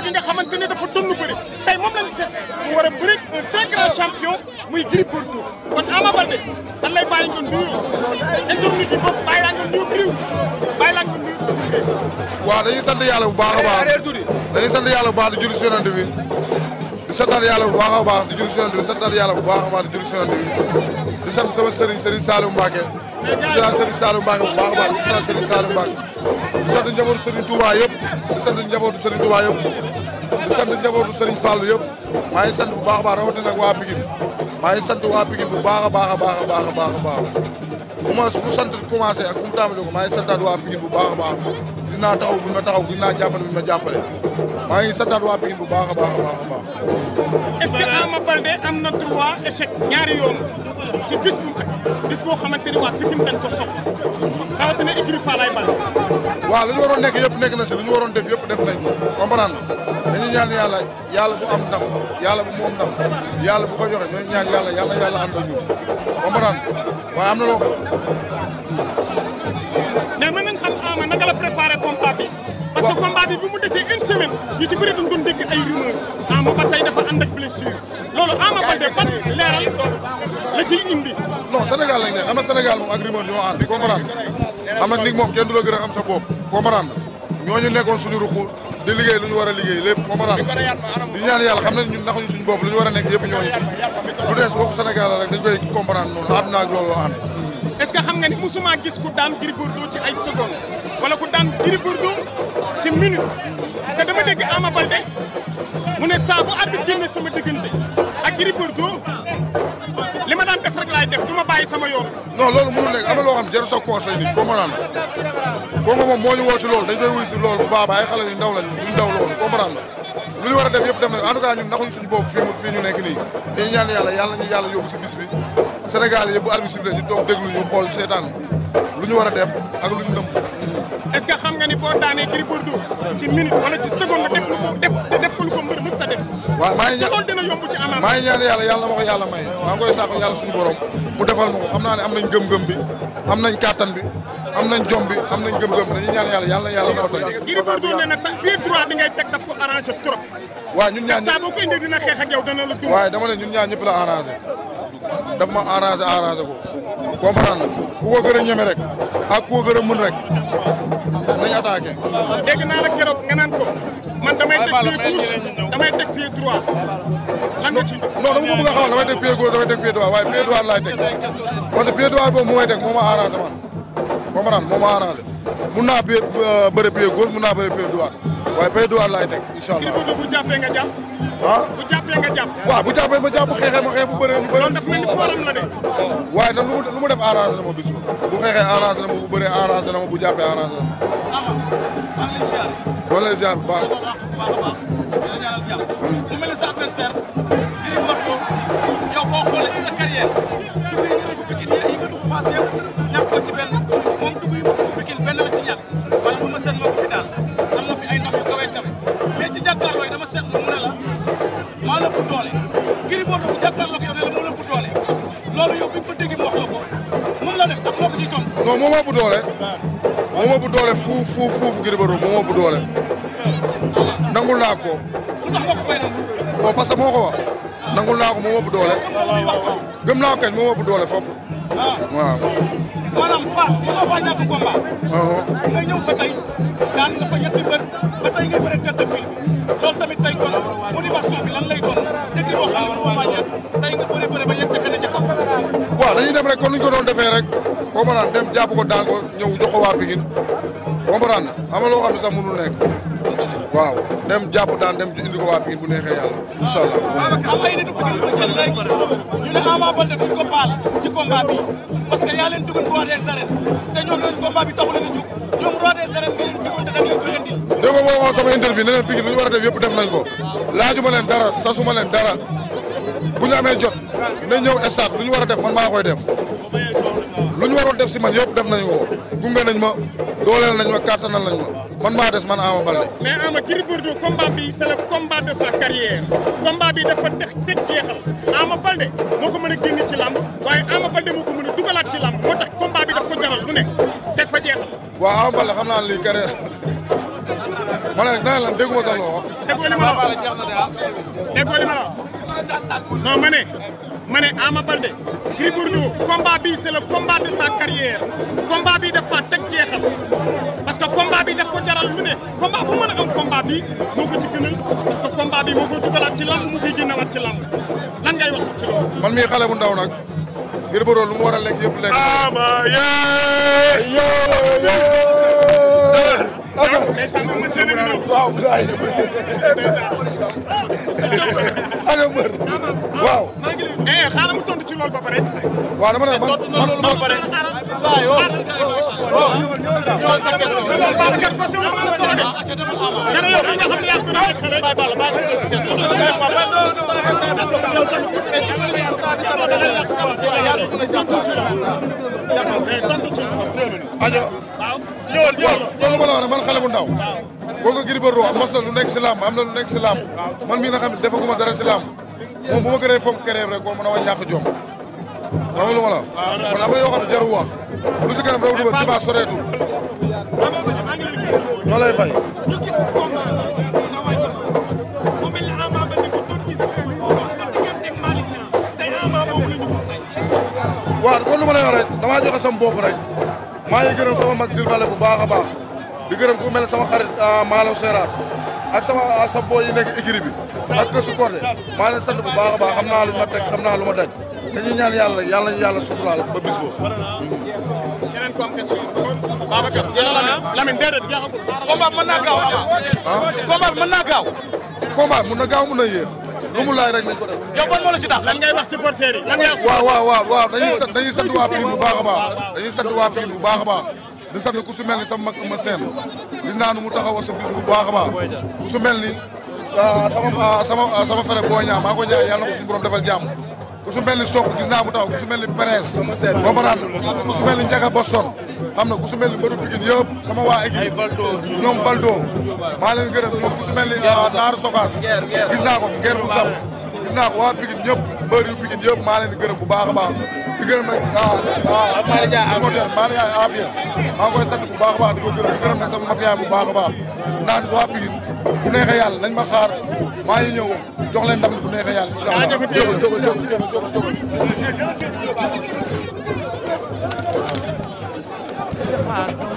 xale bi nga xamante ne dafa doon lu bëri tey moom lañu seet si mu war a bëri un très grand champion muy Gris Bordeaux kon Ama Baldé dañ lay bàyyi nga nuyu yi bopp bàyyi laa nga nuyu réew bàyyi laa nga nuyu waaw dañuy sant yàlla bu baax a baax dañuy sant yàlla bu baax di julli si yonent bi di santaat yàlla bu baax a baax di julli si yonent bi di santaat yàlla bu baax a baax di julli si di sant sama sëriñ sëriñ di sant sëriñ Saliou di sant sëriñ Saliou di sant njabootu Serigne Touba yëpp di sant njabootu Serigne Touba yëpp di sant njabootu Serigne Fall maa ngi sant bu baax a baax rawatina waa Pikine maa ngi sant waa Pikine bu baax a baax a a a baax a baax fu ma fu sant commencé ak fu mu tàmbalee ko maa ngi santaat waa Pikine bu baax a baax gis naa taxaw bu ma taxaw gis naa jàppale bu ñu ma jàppale maa ngi santaat waa Pikine bu baax a baax a baax a baax. est-ce que Ama Baldé am na droit échec ñaari ci bis bu xamante ni waa Pikine dañ ko soxla rawatina écurie Falaye Baldé. waaw li ñu nekk yëpp nekk na si li ñu waroon def yëpp def nañ ko comprendre nga dañuy ñaan yàlla yàlla bu am ndam yàlla bu moom ndam yàlla bu ko joxe ñooy ñaan yàlla yàlla yàlla ànd ak ñun comprendre waaye am na loo ko. mais mën nañ xam Ama naka la préparé combat bi. parce que combat bi bu mu desee une semaine ñu ci bëri dañ doon dégg ay rumeur Ama ba tey dafa ànd ak blessure loolu Ama Baldé ban leeral la ci indi. non Sénégal lañ ne am na Sénégal moom ak xam nag nit moom kenn du la gën a xam sa bopp comprendre na ñooñu nekkoon suñu ruxu di liggéey lu ñu war a liggéey lépp comprendre di ñaan yàlla xam na ñun naxuñu suñu bopp lu war a nekk yëpp ñooñu si lu dees waxu Sénégal rek dañ koy comprendre noonu àdduna ak loolu ànd est xam nga ni musuma gis ku daan Gris Bordeaux ci ay seconde wala ku daan Gris Bordeaux ci minute te dama dégg Ama Baldé mu ne saa bu arbitre génne sama diggante ak Gris Bordeaux def def du ma bàyyi sama yoon. non loolu mënul nekk am xam jarul sa conseil nit comprendre nga kooku moom moo ñu woo si loolu dañ koy wuy si loolu bu baax ay xale yu ndaw lañ duñ daw loolu comprendre nga lu ñu war a def yëpp dem na en tout cas ñun naxuñ ñu nekk nii dañuy ñaan yàlla yàlla ñu yàlla yóbbu si bis bi Sénégal yëpp bu arbitre sifflé ñu toog déglu ñu xool seetaan lu ñu war a def ak lu ñu dëm est-ce xam nga ni boo daanee Gris Bordeaux ci ci waaw maa ngi ñaan dina yomb maa ngi ñaan yàlla yàlla ma ko yàlla may maa ngi koy sàkku suñu borom mu defal ma ko xam naa ne am nañ gëm-gëm bi am nañ kàttan bi am nañ jom bi am nañ gëm-gëm bi dañuy ñaan yàlla yàlla na yàlla moo tax Gris Bordeaux nee na pied droit bi ngay teg daf ko arrangé trop ñaan saa boo ko indee dina xeex ak yow la dund waaye dama ñun ñaan ñëpp la arrangé daf ma arrangé arrangé ko comprendre ku ko gën a ñeme rek ak ku ko gën a mën rek nañ attaqué dégg naa la nga naan ko man damay teg pied gauche damay teg pied droit lan nga ci. non dama ko bëgg a xamal damay teg pied gauche damay teg pied droit waaye pied droit laay teg parce que pied droit boobu mu may teg moo ma arrangé man comprendre moo ma arrangé mun naa pied euh, bëre pied gauche mun naa bëre pied droit waaye pied droit laay teg incha allah. kii bu jàppee nga jàpp. ah bu jàppee nga jàpp. waaw bu jàppee ma jàpp bu xeexee ma xeex bu bëree ñu bëri. loolu daf mel ni forum la de. waaye nag lu mu lu mu def arrangé na ma bis bu xeexee arrangé na ma bu bëree arrangé na ma bu jàppee arrangé na ma. wala ziar bu baax. mu mel ni sa adversaire Gris Bordeaux yow boo xoolee ci sa carrière dugub yi nga dugg Pikine yi nga dugg Fass yëpp ñàkkoo ci benn moom dugub yi mu dugg Pikine benn la ci ñàkk wala bu ma seet moo ko fi daal am na fi ay ndam yu kawe kawe mais ci jàkkaarloo yi dama seetlu mu ne la maa la bu doole Gris Bordeaux bu jàkkaarloo ak yow ne la moo la bu doole loolu yow bi nga ko déggee la ko moom la def ak moo ko bu doole. moom bu doole fuuf fuuf fuuf Gris Bordeaux moom bu doole nangul naa ko bon parce que moo ko bu doole gëm naa kañ moom bu doole fop waaw maanaam Fass mosoo faa ñàkk combat uh-huh. nga ñëw fa tey daan nga fa rek kon nuñ ko doon defee rek koo ma dem jàpp ko daan ñëw jox ko waa Pikine comprendre na am na loo sax mënul nekk waaw dem jàpp daan dem indi ko waa Pikine bu neexee yàlla incha allah. am ay nitu Pikine yu ko baal ci combat bi parce que yaa leen dugal roi des arènes te ñoom lañ combat bi taxu leen a jug ñoom da ngeen koy indi. dégg ne leen Pikine lu ñu war a def yëpp def nañ ko laajuma dara sasuma dara bu ñu amee jot nañ ñëw stade lu ñu war a def man maa koy def. ñu waroon def si man yëpp def nañ ko gunge nañ ma dooleel nañ ma kàttanal nañ ma man maa des man Ama Baldé. mais Ama Gris Bordeaux combat bi c'est le combat de sa carrière combat bi dafa teg teg jeexal Ama Baldé moo ko mën a génn ci làmb waaye Ama Baldé moo a dugalaat ci làmb moo tax combat bi daf ko jaral lu teg fa jeexal. waaw Ama Baldé xam naa ne lii carrière ma ne naan lan dégguma sax loo wax. déggoo li ma la non ma ne ma ne Ama Baldé Gris Bordeaux combat bi c'est le combat de sa carrière combat teg jeexal parce que combat bi ko jaral lu ne combat bu mën a am combat bi moo ko ci parce que combat bi moo ko dugalaat ci lamb mu koy génnawaat ci lamb lan ngay wax ci loolu. man xale bu ndaw nag Gris Bordeaux lu mu war a lekk yëpp lekk. Ama yee. waaw waaw. xaaral ma tontu ci loolu ba pare. waaw dama ne man man man pare. waaw. ajo ñëwal ñëwal ma la wax man xale bu ndaw boo ko Gris Bordeaux mos na lu nekk si làmb am na lu nekk si man mii nga xam ne defaguma dara si làmb moom bu ma gënee fonk rek boo mën a wax ñàkk jom lu ma kon am na yoo xam ne jarul wax lu si kanam rawatina dimanche soreetul noo lay fay waaw kon lu ma lay wax rek joxe sama bopp rek maa ngi gërëm sama mag Silbale bu baax a baax di gërëm ku mel sama xarit ah, Malo Seras ak sama sa boo yi nekk écurie bi ak kër su Codé maa ngi leen bu baax baax xam naa lu ma teg xam naa lu ma daj dañuy ñaan yàlla yàlla ñu yàlla suturaal ba bis ba. keneen ku am question. Babacar Lamine ah. Lamine déedéet jeexagul. combat mën naa gaaw ah. combat mën na gaaw mën na yéex. lu mu laaj rek nañ ko def. yow ban moo la ci dàq lan ngay waaw waaw waaw waaw dañuy sant dañuy waa Pikine bu baax a baax dañuy sant waa bu baax a baax di sant ku su mel ni sama mag ma Sène gis naa nu mu taxawoo sa bis bu baax a baax ku su mel ni sama ah, sama ah, sama frère Boy Niang maa ko jaay yàlla na ko suñu borom defal jàmm ku su mel ni Sokh gis naa mu taxaw ku su mel ni Prince comprendre ku su mel ni Ndiaga Boston xam na ku su mel ni mbëru Pikine yëpp sama waa équipe ñoom Valdo maa leen gërëm ñoom ku su mel ni ah, gis naa ko nger bu gis naa ko waa Pikine ñëpp mbër yu Pikine yëpp maa leen gërëm bu baax a baax di gërëm nag ah, ah supporter Maria Afia maa ngi koy sant bu baax a baax di ko gërëm di gërëm nag sama mafia bu baax a baax waa Pikine bu yàlla nañ ma xaar maa ngi ñëw jox leen ndam bu man.